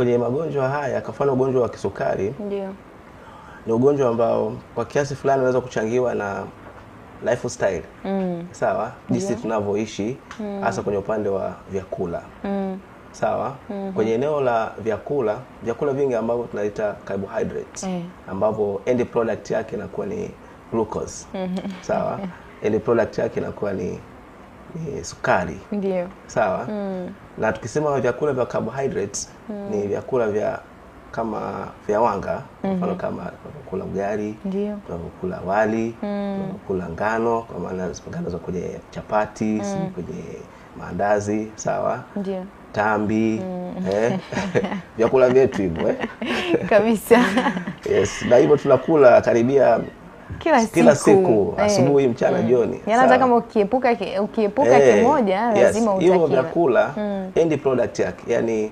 kwenye magonjwa haya, kwa mfano ugonjwa wa kisukari ndio ni ugonjwa ambao kwa kiasi fulani unaweza kuchangiwa na lifestyle mm. sawa, jinsi yeah. tunavyoishi mm. hasa mm. kwenye upande wa vyakula mm. sawa mm -hmm. kwenye eneo la vyakula, vyakula vingi ambavyo tunaita carbohydrates mm. ambavyo end product yake inakuwa ni glucose mm -hmm. sawa, end product yake inakuwa ni ni sukari. Ndio. Sawa. Mm. Na tukisema vyakula vya carbohydrates mm. ni vyakula vya kama vya wanga mhm. mfano mm -hmm. kama tunakula ugali, tunakula wali, mm. tunakula ngano kwa maana ngano za kwenye chapati, mm. kwenye maandazi, sawa? Ndio. Tambi, mm. eh? vyakula vyetu hivyo eh? kabisa. yes, na hivyo tunakula karibia kila siku, kila siku hey, eh. asubuhi, mchana, mm, jioni. Yaani hata kama ukiepuka ukiepuka hey, eh, kimoja lazima yes, utaki hivyo vyakula mm, end product yake yani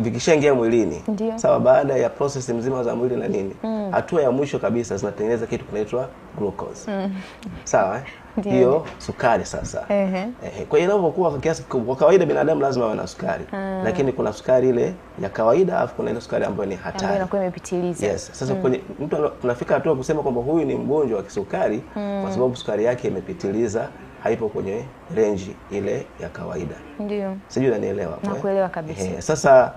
vikishaingia mwilini Ndiyo. Sawa, baada ya process mzima za mwili na nini mm. hatua mm. ya mwisho kabisa zinatengeneza kitu kinaitwa glucose mm. Sawa, eh? hiyo sukari sasa. Ehe. Ehe. Kwa hiyo inapokuwa kiasi kikubwa, kwa kawaida binadamu lazima awe na sukari uh-huh. lakini kuna sukari ile ya kawaida alafu kuna ile sukari ambayo ni hatari ambayo inakuwa imepitiliza. Yes. Sasa mm. kwenye mtu tunafika hatua kusema kwamba huyu ni mgonjwa wa kisukari mm. kwa sababu sukari yake imepitiliza haipo kwenye range ile ya kawaida. Ndio. Sijui unanielewa. Nakuelewa eh? kabisa. Sasa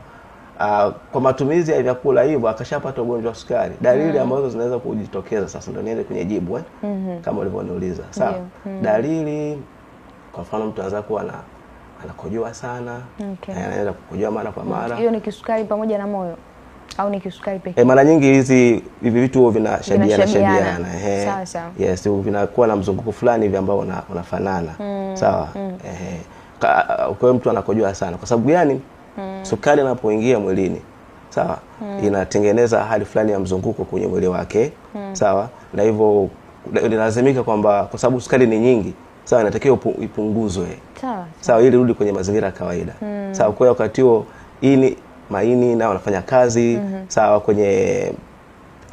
uh, kwa matumizi ya vyakula hivyo akashapata ugonjwa wa sukari, dalili mm. ambazo zinaweza kujitokeza. Sasa ndio niende kwenye jibu eh? mm -hmm. kama ulivyoniuliza sawa. yeah. mm -hmm. dalili kwa mfano mtu anaweza kuwa na anakojoa sana okay. Eh, anaweza kukojoa mara kwa mara. Hiyo ni kisukari pamoja na moyo au ni kisukari pekee? Eh, mara nyingi hizi hivi vitu vinashabiana shabiana, ehe, sawa sawa, yes, vinakuwa na mzunguko fulani hivi ambao unafanana una mm. sawa, mm. ehe, kwa mtu anakojoa sana kwa sababu gani? mm. Sukari inapoingia mwilini sawa, mm. inatengeneza hali fulani ya mzunguko kwenye mwili wake mm. sawa, na hivyo inalazimika kwamba kwa sababu sukari ni nyingi sawa, inatakiwa ipunguzwe sawa, sawa, ili rudi kwenye mazingira ya kawaida mm. sawa. Kwa wakati huo ini maini nao wanafanya kazi mm -hmm. sawa, kwenye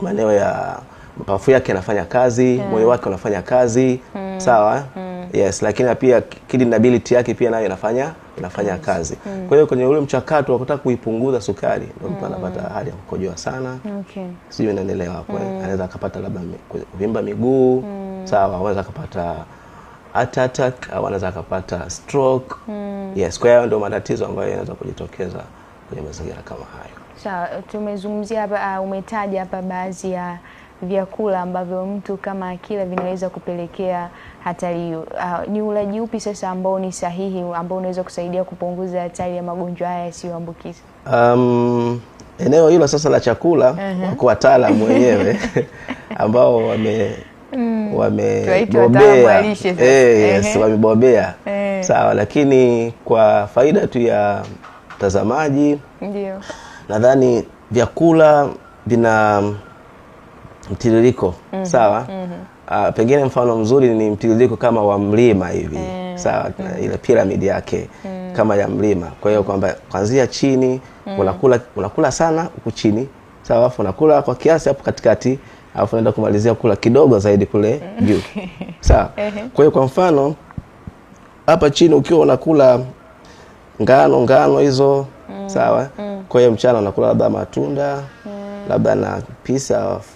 maeneo ya mapafu yake anafanya kazi yeah. Mm. moyo wake unafanya kazi mm. sawa mm. Yes, lakini pia kidinability yake pia nayo inafanya inafanya kazi. Mm. Kwa hiyo kwenye ule mchakato wa kutaka kuipunguza sukari ndio mtu mm. anapata hali ya kukojoa sana. Okay. Sijui unaelewa hapo. Eh? Mm. Anaweza akapata labda kuvimba miguu, mm. sawa, anaweza akapata heart attack au anaweza akapata stroke. Mm. Yes, kwa hiyo ndio matatizo ambayo yanaweza kujitokeza kwenye mazingira kama hayo. Sawa, tumezungumzia hapa uh, umetaja hapa baadhi ya uh, vyakula ambavyo mtu kama akila vinaweza kupelekea hatari hiyo. Uh, ni ulaji upi sasa ambao ni sahihi ambao unaweza kusaidia kupunguza hatari ya magonjwa haya yasiyoambukiza? Um, eneo hilo sasa la chakula uh -huh. wako wataalamu wenyewe ambao wame mm, wamebobea eh, yes, uh-huh. wamebobea eh. Sawa, lakini kwa faida tu ya mtazamaji, ndio nadhani vyakula vina mtiririko mm -hmm. sawa mm -hmm. uh, pengine mfano mzuri ni mtiririko kama wa mlima hivi mm. hmm sawa mm -hmm. ile piramid yake mm. hmm kama ya mlima kwa hiyo kwamba kwanzia chini mm. hmm unakula unakula sana huku chini sawa alafu unakula kwa kiasi hapo katikati alafu naenda kumalizia kula kidogo zaidi kule mm. juu sawa kwa hiyo kwa mfano hapa chini ukiwa unakula ngano ngano hizo mm. hmm sawa mm. hmm kwa hiyo mchana unakula labda matunda mm. hmm labda na piece of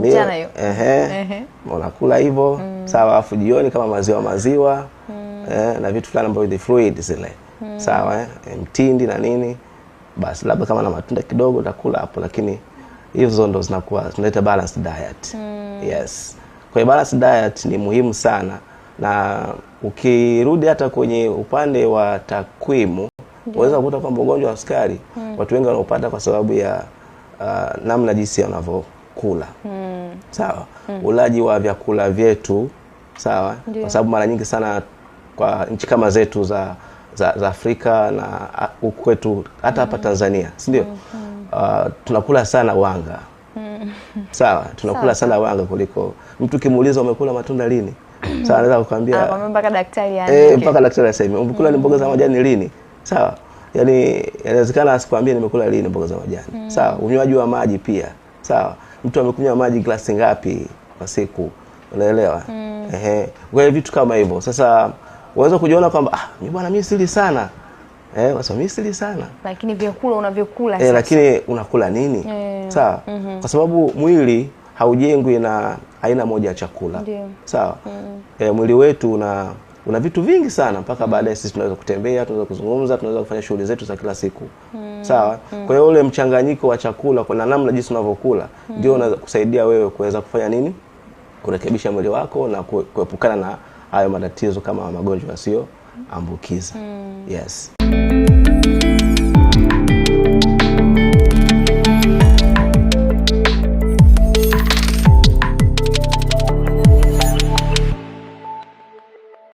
ndio ehe, unakula hivyo mm. Sawa, afu jioni kama maziwa maziwa mm. eh, na vitu fulani ambavyo the fluid zile mm. Sawa eh, eh mtindi na nini, basi labda kama na matunda kidogo utakula hapo, lakini hizo ndo zinakuwa tunaita balanced diet mm. Yes, kwa hiyo balanced diet ni muhimu sana, na ukirudi hata kwenye upande wa takwimu unaweza kukuta kwamba ugonjwa wa sukari mm. watu wengi wanaopata kwa sababu ya uh, namna jinsi wanavyo kula mm. sawa mm. ulaji wa vyakula vyetu sawa kwa sababu mara nyingi sana kwa nchi kama zetu za za, za Afrika na huku kwetu hata hapa mm. Tanzania si ndio? mm. Uh, tunakula sana wanga mm. sawa, tunakula sawa. sana wanga kuliko mtu kimuuliza umekula matunda lini sawa, anaweza kukwambia ah, mpaka daktari eh, mpaka daktari aseme umekula ni mboga za hmm. majani lini sawa, yaani inawezekana asikwambie nimekula lini mboga za majani mm. sawa, unywaji wa maji pia sawa, mtu amekunywa maji glasi ngapi kwa siku, unaelewa? mm. Ehe, kwa hiyo vitu kama hivyo sasa waweza kujiona kwamba ah, mimi bwana mimi sili sana eh, wasa mimi sili sana lakini vyakula unavyokula eh, lakini unakula nini? mm. Sawa mm -hmm. kwa sababu mwili haujengwi na aina moja ya chakula. Sawa mm. eh, mwili wetu una una vitu vingi sana mpaka baadaye sisi tunaweza kutembea, tunaweza kuzungumza, tunaweza kufanya shughuli zetu za kila siku mm. Sawa mm. Kwa hiyo ule mchanganyiko wa chakula na namna jinsi unavyokula hmm. ndio mm. kusaidia wewe kuweza kufanya nini, kurekebisha mwili wako na kuepukana na hayo matatizo kama magonjwa yasiyoambukiza mm. Yes.